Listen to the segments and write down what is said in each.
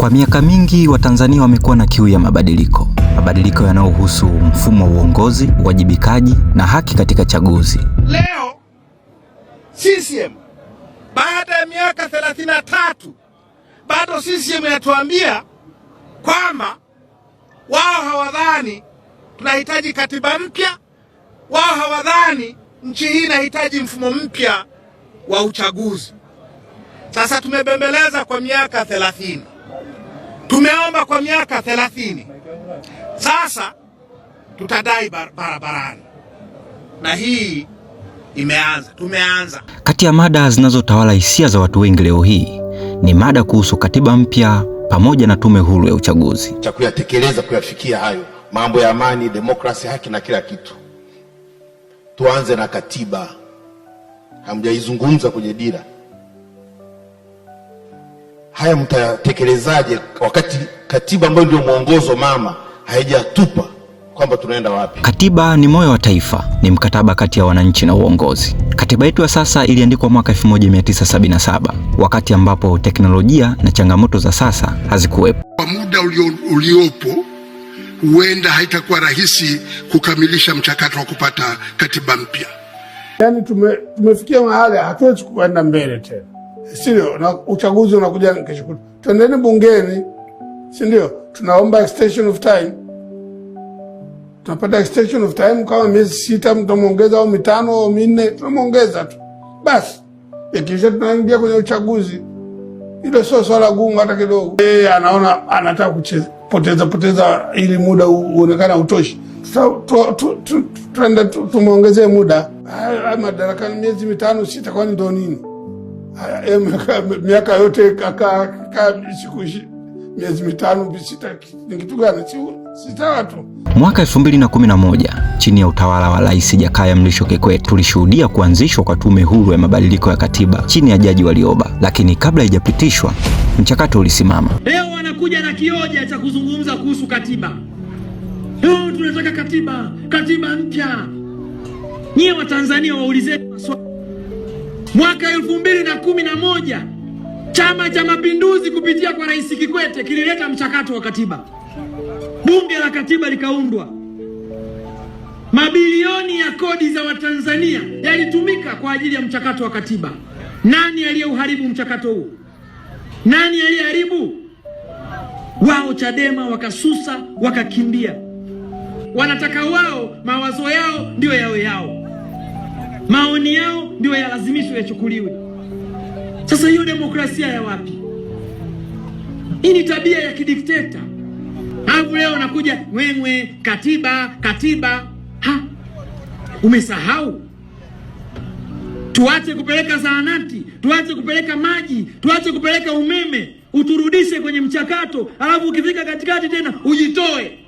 Kwa miaka mingi Watanzania wamekuwa na kiu ya mabadiliko, mabadiliko yanayohusu mfumo wa uongozi, uwajibikaji na haki katika chaguzi. Leo CCM baada ya miaka 33 bado CCM inatuambia kwamba wao hawadhani tunahitaji katiba mpya, wao hawadhani nchi hii inahitaji mfumo mpya wa uchaguzi. Sasa tumebembeleza kwa miaka 30 tumeomba kwa miaka 30 sasa tutadai barabarani, na hii imeanza, tumeanza. Kati ya mada zinazotawala hisia za watu wengi leo hii ni mada kuhusu katiba mpya pamoja na tume huru ya uchaguzi, cha kuyatekeleza kuyafikia hayo mambo ya amani, demokrasi haki na kila kitu. Tuanze na katiba, hamjaizungumza kwenye dira haya mtayatekelezaje, wakati katiba ambayo ndio mwongozo mama haijatupa kwamba tunaenda wapi? Katiba ni moyo wa taifa, ni mkataba kati ya wananchi na uongozi. Katiba yetu ya sasa iliandikwa mwaka 1977 wakati ambapo teknolojia na changamoto za sasa hazikuwepo. Kwa muda ulio, uliopo huenda haitakuwa rahisi kukamilisha mchakato wa kupata katiba mpya. Yaani tume, tumefikia mahali hatuwezi kuenda mbele tena sindio? Na uchaguzi unakuja kesho kutwa, twendeni bungeni, sindio? Tunaomba extension of time, tunapata extension of time kama miezi sita, tunamwongeza au mitano au minne, tunamwongeza tu basi. Ikisha tunaingia kwenye uchaguzi, hilo sio swala gumu hata kidogo. Yeye anaona anataka kucheza poteza poteza ili muda uonekana utoshi, Sasa tuende tumwongezee muda. Madarakani miezi mitano sita, kwani ndo nini? Eh, miaka yote kaka kaa siku miezi mitano sita, kitu gani? Sita watu Mwaka 2011 chini ya utawala wa Rais Jakaya Mrisho Kikwete tulishuhudia kuanzishwa kwa tume huru ya mabadiliko ya katiba chini ya Jaji Warioba, lakini kabla haijapitishwa mchakato ulisimama. Leo wanakuja na kioja cha kuzungumza kuhusu katiba. Leo tunataka katiba, katiba mpya. Nyie Watanzania waulizeni maswali Mwaka elfu mbili na kumi na moja Chama cha Mapinduzi kupitia kwa Rais Kikwete kilileta mchakato wa katiba, bunge la katiba likaundwa, mabilioni ya kodi za Watanzania yalitumika kwa ajili ya mchakato wa katiba. Nani aliyeuharibu mchakato huu? Nani aliyeharibu? Wao Chadema wakasusa, wakakimbia. Wanataka wao mawazo yao ndiyo yawe yao maoni yao ndio yalazimishwe yachukuliwe. Sasa hiyo demokrasia ya wapi? Hii ni tabia ya kidikteta. Alafu leo nakuja wewe, katiba katiba. Ha, umesahau tuache kupeleka zahanati, tuache kupeleka maji, tuache kupeleka umeme, uturudishe kwenye mchakato, alafu ukifika katikati tena ujitoe.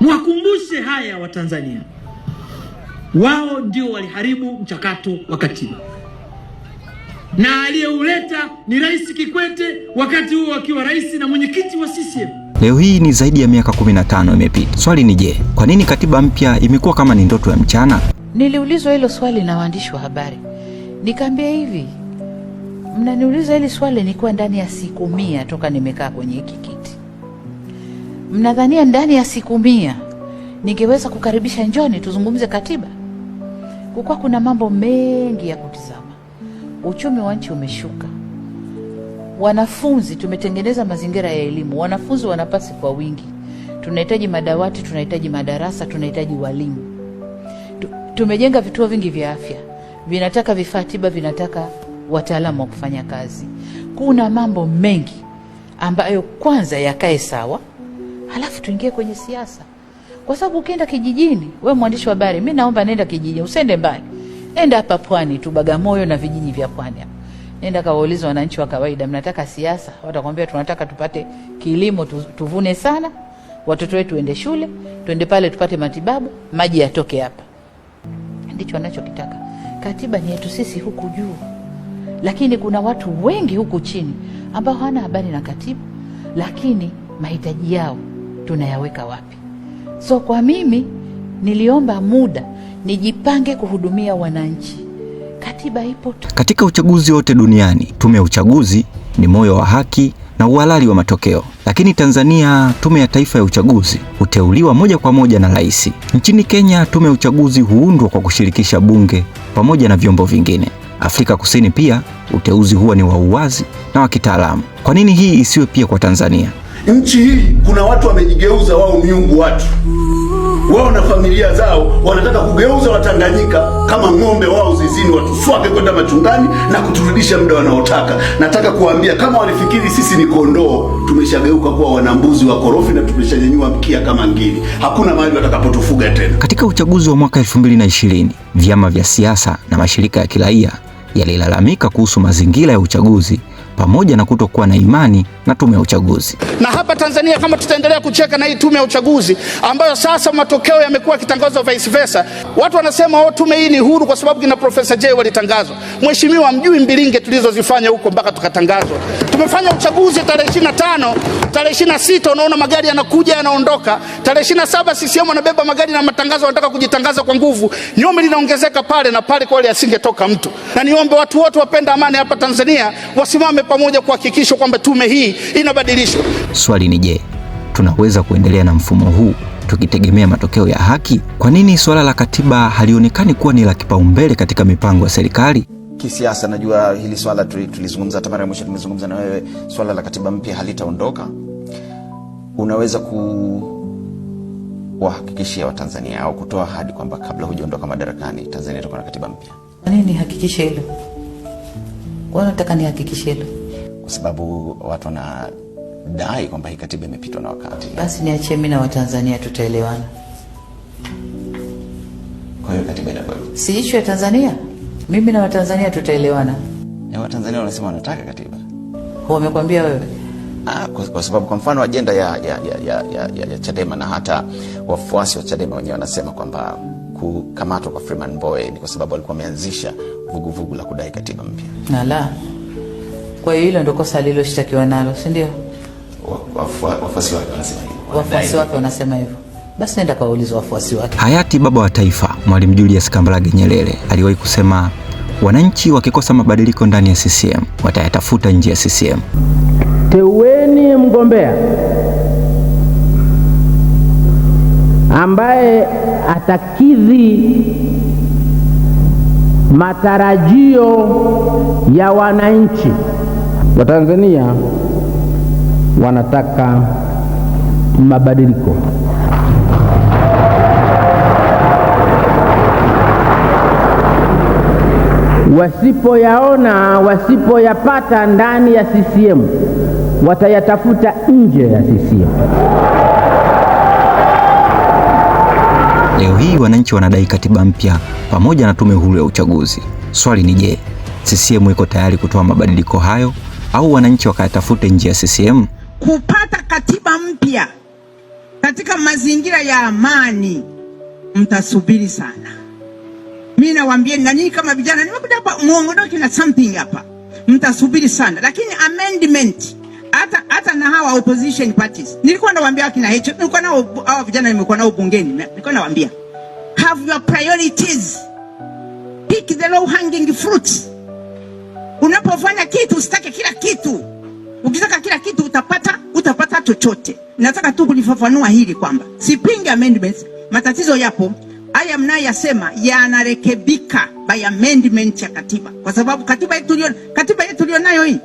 Mwakumbushe haya Watanzania, wao ndio waliharibu mchakato wa katiba na aliyeuleta ni Rais Kikwete, wakati huo akiwa rais na mwenyekiti wa CCM. Leo hii ni zaidi ya miaka 15 imepita. Swali ni je, kwa nini katiba mpya imekuwa kama ni ndoto ya mchana? Niliulizwa hilo swali na waandishi wa habari, nikaambia hivi, mnaniuliza hili swali, nikiwa ndani ya siku mia toka nimekaa kwenye hiki Mnadhania ndani ya siku mia ningeweza kukaribisha njoni tuzungumze katiba? Kukuwa kuna mambo mengi ya kutizama. Uchumi wa nchi umeshuka, wanafunzi tumetengeneza mazingira ya elimu, wanafunzi wanapasi kwa wingi, tunahitaji madawati, tunahitaji madarasa, tunahitaji walimu, tumejenga vituo vingi vya afya, vinataka vifaa tiba, vinataka wataalamu wa kufanya kazi. Kuna mambo mengi ambayo kwanza yakae sawa halafu tuingie kwenye siasa, kwa sababu ukienda kijijini, we mwandishi wa habari, mi naomba nenda kijijini, usende mbali, nenda hapa pwani tu, Bagamoyo na vijiji vya pwani hapa, nenda kawauliza wananchi wa kawaida, mnataka siasa? Watakwambia tunataka tupate kilimo, tuvune sana, watoto wetu tuende shule, tuende pale tupate matibabu, maji yatoke hapa. Ndicho anachokitaka. Katiba ni yetu sisi huku juu, lakini kuna watu wengi huku chini ambao hawana habari na katiba, lakini mahitaji yao tunayaweka wapi? So kwa mimi niliomba muda nijipange kuhudumia wananchi. Katiba ipo tu. Katika uchaguzi wote duniani, tume ya uchaguzi ni moyo wa haki na uhalali wa matokeo. Lakini Tanzania, Tume ya Taifa ya Uchaguzi huteuliwa moja kwa moja na rais. Nchini Kenya, tume ya uchaguzi huundwa kwa kushirikisha bunge pamoja na vyombo vingine. Afrika Kusini pia uteuzi huwa ni wa uwazi na wa kitaalamu. Kwa nini hii isiwe pia kwa Tanzania? Nchi hii kuna watu wamejigeuza wao miungu, watu wao na familia zao wanataka kugeuza Watanganyika kama ng'ombe wao zizini, watuswake kwenda machungani na kuturudisha muda wanaotaka. Nataka kuambia kama walifikiri sisi ni kondoo, tumeshageuka kuwa wanambuzi wa korofi na tumeshanyanyua mkia kama ngiri. Hakuna mahali watakapotufuga tena. Katika uchaguzi wa mwaka 2020 vyama vya siasa na mashirika ya kiraia yalilalamika kuhusu mazingira ya uchaguzi pamoja na kutokuwa na imani na tume ya uchaguzi. Na hapa Tanzania, kama tutaendelea kucheka na hii tume ya uchaguzi ambayo sasa matokeo yamekuwa kitangazo vice versa, watu wanasema oh, tume hii ni huru kwa sababu kina Profesa J walitangazwa. Mheshimiwa, mjui mbilinge tulizozifanya huko mpaka tukatangazwa. Tumefanya uchaguzi tarehe 25, tarehe 26 unaona magari yanakuja yanaondoka, tarehe 27 CCM wanabeba magari na matangazo, wanataka kujitangaza kwa nguvu, nyome linaongezeka pale na pale, kweli asingetoka mtu. Na niombe watu wote wapenda amani hapa Tanzania wasimame pamoja kuhakikisha kwamba tume hii inabadilishwa. Swali ni je, tunaweza kuendelea na mfumo huu tukitegemea matokeo ya haki? Kwa nini suala la katiba halionekani kuwa ni la kipaumbele katika mipango ya serikali? Kisiasa najua hili swala tulizungumza, hata mara ya mwisho tumezungumza na wewe, swala la katiba mpya halitaondoka. Unaweza kuwahakikishia Watanzania au kutoa ahadi kwamba kabla hujaondoka madarakani Tanzania itakuwa na katiba mpya? Nihakikishe hilo, nataka nihakikishe hilo kwa sababu watu wanadai kwamba hii katiba imepitwa na wakati. Basi niachie mimi na Watanzania tutaelewana. Kwa hiyo katiba inakuwa si ishu ya Tanzania, mimi na Watanzania tutaelewana. Na Watanzania wanasema wanataka katiba, wamekwambia wewe Ah, kwa sababu kwa mfano ajenda ya, ya, ya, ya, ya, ya ya Chadema na hata wafuasi wa Chadema wenyewe wanasema kwamba kukamatwa kwa Freeman Mbowe ni kwa sababu alikuwa ameanzisha vuguvugu la kudai katiba mpya. Kwa hiyo hilo ndio kosa aliloshtakiwa nalo, si ndio? Wafuasi wake wanasema hivyo, wafuasi wake wanasema hivyo. Basi nenda kawauliza wafuasi wake. Hayati baba wa taifa Mwalimu Julius Kambarage Nyerere aliwahi kusema wananchi wakikosa mabadiliko ndani ya CCM watayatafuta nje ya CCM. Teueni mgombea ambaye atakidhi matarajio ya wananchi. Watanzania wanataka mabadiliko. Wasipoyaona, wasipoyapata ndani ya CCM watayatafuta nje ya CCM. Leo hii wananchi wanadai katiba mpya pamoja na tume huru ya uchaguzi. Swali ni je, CCM iko tayari kutoa mabadiliko hayo? au wananchi wakayatafute njia ya CCM kupata katiba mpya katika mazingira ya amani? Mtasubiri sana. Mimi nawaambia na nyinyi kama vijana, nimekuja hapa muongodoke na something hapa, mtasubiri sana, lakini amendment hata hata na hawa opposition parties nilikuwa nawaambia akina hicho, nilikuwa nao hawa vijana, nimekuwa nao bungeni, nilikuwa nawaambia have your priorities, pick the low hanging fruits. Unapofanya kitu usitake kila kitu. Ukitaka kila kitu utapata, utapata chochote. Nataka tu kulifafanua hili kwamba sipingi amendments, matatizo yapo. Haya mnayasema yanarekebika by amendment ya katiba, kwa sababu katiba yetu tulio katiba yetu nayo hii,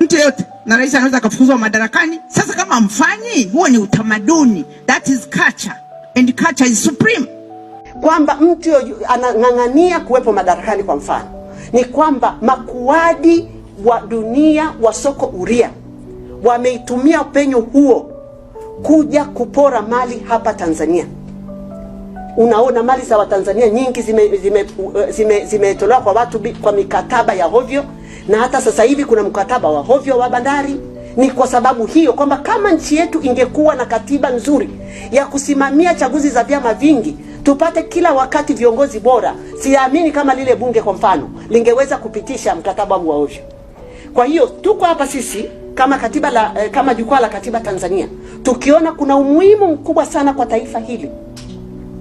mtu yote na rais anaweza kufukuzwa madarakani. Sasa kama mfanyi, huo ni utamaduni, that is culture and culture is supreme, kwamba mtu anang'ang'ania kuwepo madarakani kwa mfano ni kwamba makuadi wa dunia wa soko huria wameitumia upenyo huo kuja kupora mali hapa Tanzania. Unaona mali za Watanzania nyingi zimetolewa zime, zime, eh, zime kwa watu kwa mikataba ya hovyo, na hata sasa hivi kuna mkataba wa hovyo wa bandari ni kwa sababu hiyo kwamba kama nchi yetu ingekuwa na katiba nzuri ya kusimamia chaguzi za vyama vingi, tupate kila wakati viongozi bora, siamini kama lile bunge kwa mfano lingeweza kupitisha mkataba wa ovyo. Kwa hiyo tuko hapa sisi kama katiba la, eh, kama jukwaa la katiba Tanzania tukiona kuna umuhimu mkubwa sana kwa taifa hili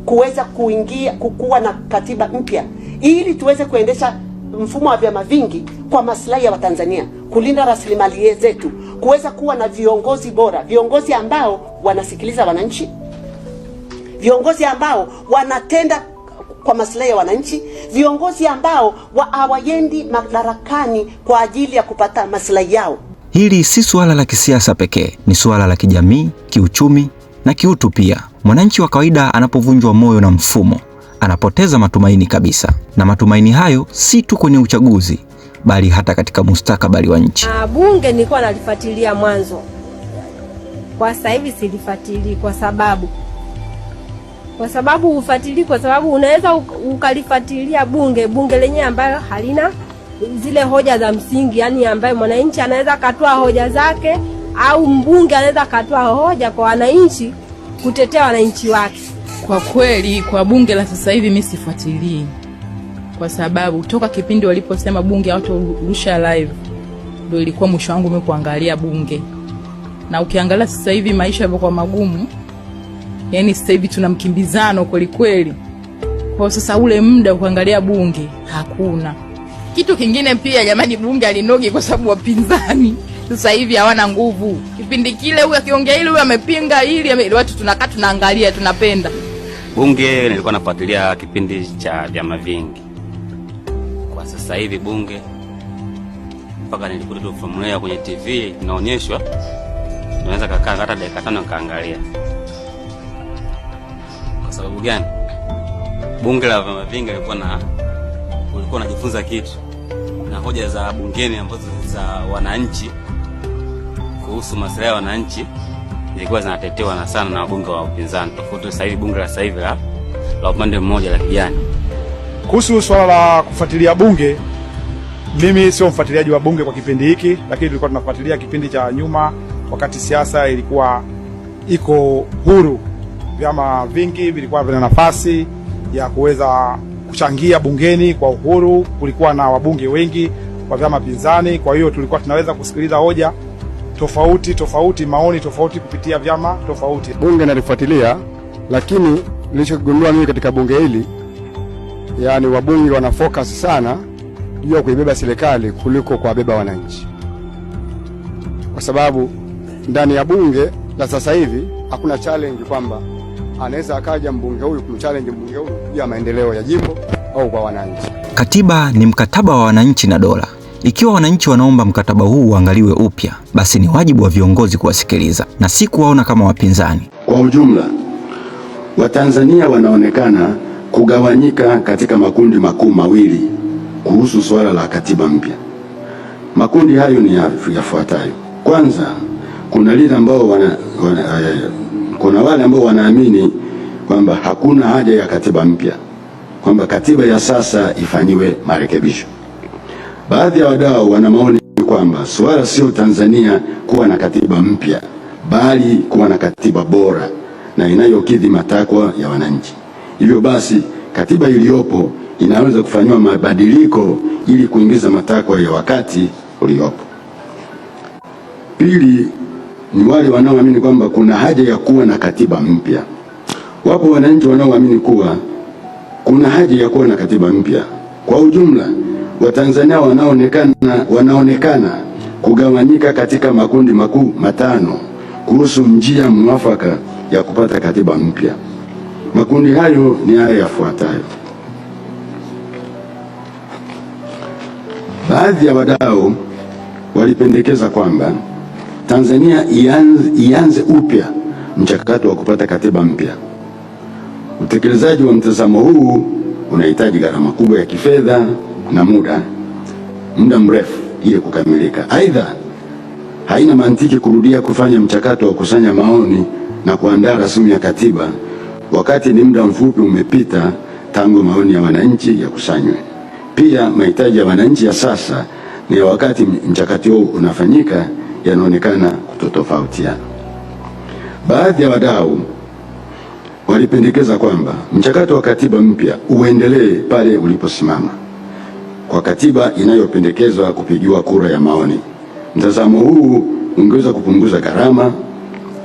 kuweza kuingia kukuwa na katiba mpya ili tuweze kuendesha mfumo wa vyama vingi kwa maslahi ya Watanzania, kulinda rasilimali zetu, kuweza kuwa na viongozi bora, viongozi ambao wanasikiliza wananchi, viongozi ambao wanatenda kwa maslahi ya wananchi, viongozi ambao hawaendi madarakani kwa ajili ya kupata maslahi yao. Hili si suala la kisiasa pekee, ni suala la kijamii, kiuchumi na kiutu pia. Mwananchi wa kawaida anapovunjwa moyo na mfumo, anapoteza matumaini kabisa, na matumaini hayo si tu kwenye uchaguzi, bali hata katika mustakabali wa nchi. Ah, bunge nilikuwa nalifuatilia mwanzo, kwa sasa hivi silifuatili, kwa sababu kwa sababu ufuatili, kwa sababu unaweza ukalifuatilia bunge bunge lenyewe ambayo halina zile hoja za msingi, yani ambayo mwananchi anaweza katoa hoja zake au mbunge anaweza katoa hoja kwa wananchi kutetea wananchi wake. Kwa kweli, kwa bunge la sasa hivi mimi sifuatilii kwa sababu toka kipindi waliposema bunge hawatorusha live ndio ilikuwa mwisho wangu mimi kuangalia bunge. Na ukiangalia sasa hivi maisha yamekuwa magumu, yani sasa hivi tuna mkimbizano kweli kweli. Kwa sasa ule muda wa kuangalia bunge hakuna. Kitu kingine pia, jamani, bunge alinogi kwa sababu wapinzani sasa hivi hawana nguvu. Kipindi kile huyu akiongea ile huyu amepinga ili watu tunakaa tunaangalia tunapenda. Bunge nilikuwa nafuatilia kipindi cha vyama vingi sasa hivi bunge mpaka nilikuta tu fomu kwenye TV inaonyeshwa, naweza kakaa hata dakika tano kaangalia. Kwa sababu gani? Bunge la vyama vingi lilikuwa na ulikuwa unajifunza kitu na hoja za bungeni ambazo za wananchi kuhusu masuala ya wananchi zilikuwa zinatetewa na sana na wabunge wa upinzani, tofauti sasa hivi bunge la sasa hivi la upande mmoja la kijani. Kuhusu swala la kufuatilia bunge, mimi sio mfuatiliaji wa bunge kwa kipindi hiki, lakini tulikuwa tunafuatilia kipindi cha nyuma, wakati siasa ilikuwa iko huru, vyama vingi vilikuwa vina nafasi ya kuweza kuchangia bungeni kwa uhuru. Kulikuwa na wabunge wengi wa vyama pinzani, kwa hiyo tulikuwa tunaweza kusikiliza hoja tofauti tofauti, maoni tofauti kupitia vyama tofauti. Bunge nalifuatilia, lakini nilichogundua mimi katika bunge hili yani wabunge wana focus sana juu ya kuibeba serikali kuliko kuwabeba wananchi, kwa sababu ndani ya bunge la sasa hivi hakuna challenge kwamba anaweza akaja mbunge huyu kumchallenge mbunge huyu juu ya maendeleo ya jimbo au kwa wananchi. Katiba ni mkataba wa wananchi na dola. Ikiwa wananchi wanaomba mkataba huu uangaliwe upya, basi ni wajibu wa viongozi kuwasikiliza na si kuwaona kama wapinzani. Kwa ujumla, Watanzania wanaonekana kugawanyika katika makundi makuu mawili kuhusu suala la katiba mpya. Makundi hayo ni yafuatayo. Kwanza, kuna lile ambao wana, wana, eh, kuna wale ambao wanaamini kwamba hakuna haja ya katiba mpya, kwamba katiba ya sasa ifanyiwe marekebisho. Baadhi ya wadau wana maoni kwamba suala sio Tanzania kuwa na katiba mpya, bali kuwa na katiba bora na inayokidhi matakwa ya wananchi. Hivyo basi katiba iliyopo inaweza kufanyiwa mabadiliko ili kuingiza matakwa ya wakati uliopo. Pili ni wale wanaoamini kwamba kuna haja ya kuwa na katiba mpya. Wapo wananchi wanaoamini kuwa kuna haja ya kuwa na katiba mpya. Kwa ujumla, Watanzania wanaonekana, wanaonekana kugawanyika katika makundi makuu matano kuhusu njia mwafaka ya kupata katiba mpya. Makundi hayo ni haya yafuatayo. Baadhi ya wadau walipendekeza kwamba Tanzania ianze, ianze upya mchakato wa kupata katiba mpya. Utekelezaji wa mtazamo huu unahitaji gharama kubwa ya kifedha na muda muda mrefu ili kukamilika. Aidha, haina mantiki kurudia kufanya mchakato wa kusanya maoni na kuandaa rasimu ya katiba wakati ni muda mfupi umepita tangu maoni ya wananchi yakusanywe. Pia mahitaji ya wananchi ya sasa ni wakati mchakato huu unafanyika yanaonekana kutotofautiana. Baadhi ya wadau walipendekeza kwamba mchakato wa katiba mpya uendelee pale uliposimama kwa katiba inayopendekezwa kupigiwa kura ya maoni. Mtazamo huu ungeweza kupunguza gharama,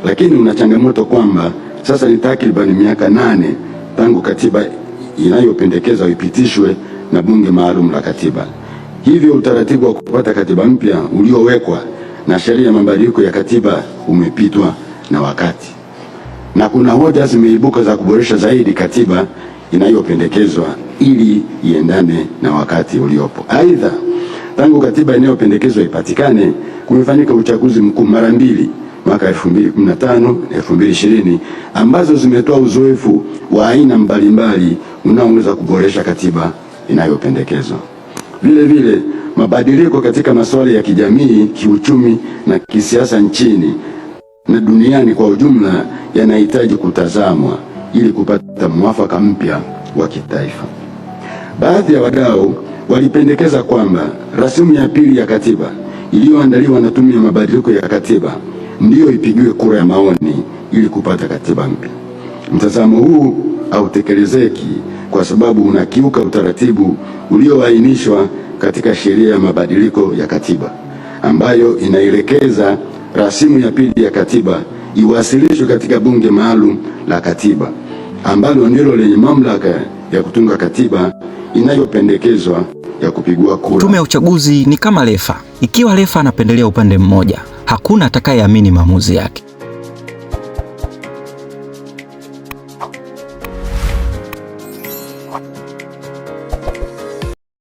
lakini una changamoto kwamba sasa ni takribani miaka nane tangu katiba inayopendekezwa ipitishwe na bunge maalum la katiba. Hivyo utaratibu wa kupata katiba mpya uliowekwa na sheria ya mabadiliko ya katiba umepitwa na wakati, na kuna hoja zimeibuka za kuboresha zaidi katiba inayopendekezwa ili iendane na wakati uliopo. Aidha, tangu katiba inayopendekezwa ipatikane kumefanyika uchaguzi mkuu mara mbili mwaka 2015 2020 ambazo zimetoa uzoefu wa aina mbalimbali unaoweza kuboresha katiba inayopendekezwa. Vile vile mabadiliko katika masuala ya kijamii, kiuchumi na kisiasa nchini na duniani kwa ujumla yanahitaji kutazamwa ili kupata mwafaka mpya wa kitaifa. Baadhi ya wadau walipendekeza kwamba rasimu ya pili ya katiba iliyoandaliwa na Tume ya Mabadiliko ya Katiba ndiyo ipigiwe kura ya maoni ili kupata katiba mpya. Mtazamo huu hautekelezeki kwa sababu unakiuka utaratibu ulioainishwa katika sheria ya mabadiliko ya katiba ambayo inaelekeza rasimu ya pili ya katiba iwasilishwe katika bunge maalum la katiba ambalo ndilo lenye mamlaka ya kutunga katiba inayopendekezwa ya kupigua kura. Tume ya uchaguzi ni kama refa. Ikiwa refa anapendelea upande mmoja hakuna atakayeamini maamuzi yake.